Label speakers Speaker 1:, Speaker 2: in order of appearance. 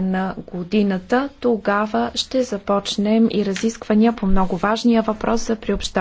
Speaker 1: на годината. Тогава ще започнем и разисквания по много важния въпрос за приобщаването